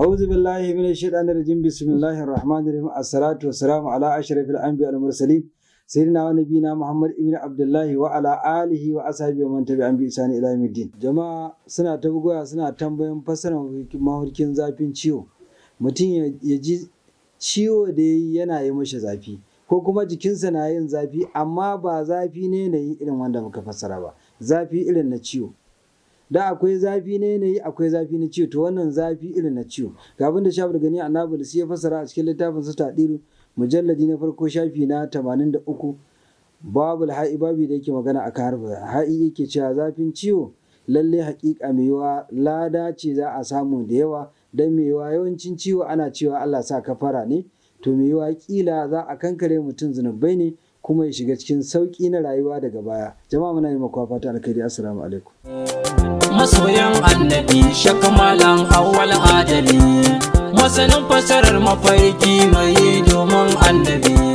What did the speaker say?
أعوذ بالله من الشيطان الرجيم بسم الله الرحمن الرحيم الصلاة والسلام على أشرف الأنبياء والمرسلين سيدنا ونبينا محمد ابن عبد الله وعلى آله وأصحابه ومن تبعهم بإحسان إلى يوم الدين جماعة سنة تبغوا سنة تنبين فسنا ما هو كن زابين شيو متين يجي شيو yana ينا mashi zafi ko kuma jikinsa na yin zafi amma ba zafi ne na yin irin wanda muka fassara ba zafi irin na ciwo da akwai zafi na yanayi akwai zafi na ciwo to wannan zafi irin na ciwo ga abin da shafin gani annabi da su ya fassara a cikin littafin su tadiru mujalladi na farko shafi na 83 babu ha'i babi da yake magana a kan ha'i yake cewa zafin ciwo lalle haƙiƙa mai yawa lada ce za a samu da yawa don mai yawa yawancin ciwo ana cewa Allah sa kafara ne to mai yawa kila za a kankare mutum zunubai ne kuma ya shiga cikin sauƙi na rayuwa daga baya jama'a muna yi makwafa ta alkhairi assalamu alaikum masoyan annabi malan awwal adali masanin fasarar mafarki mai domin annabi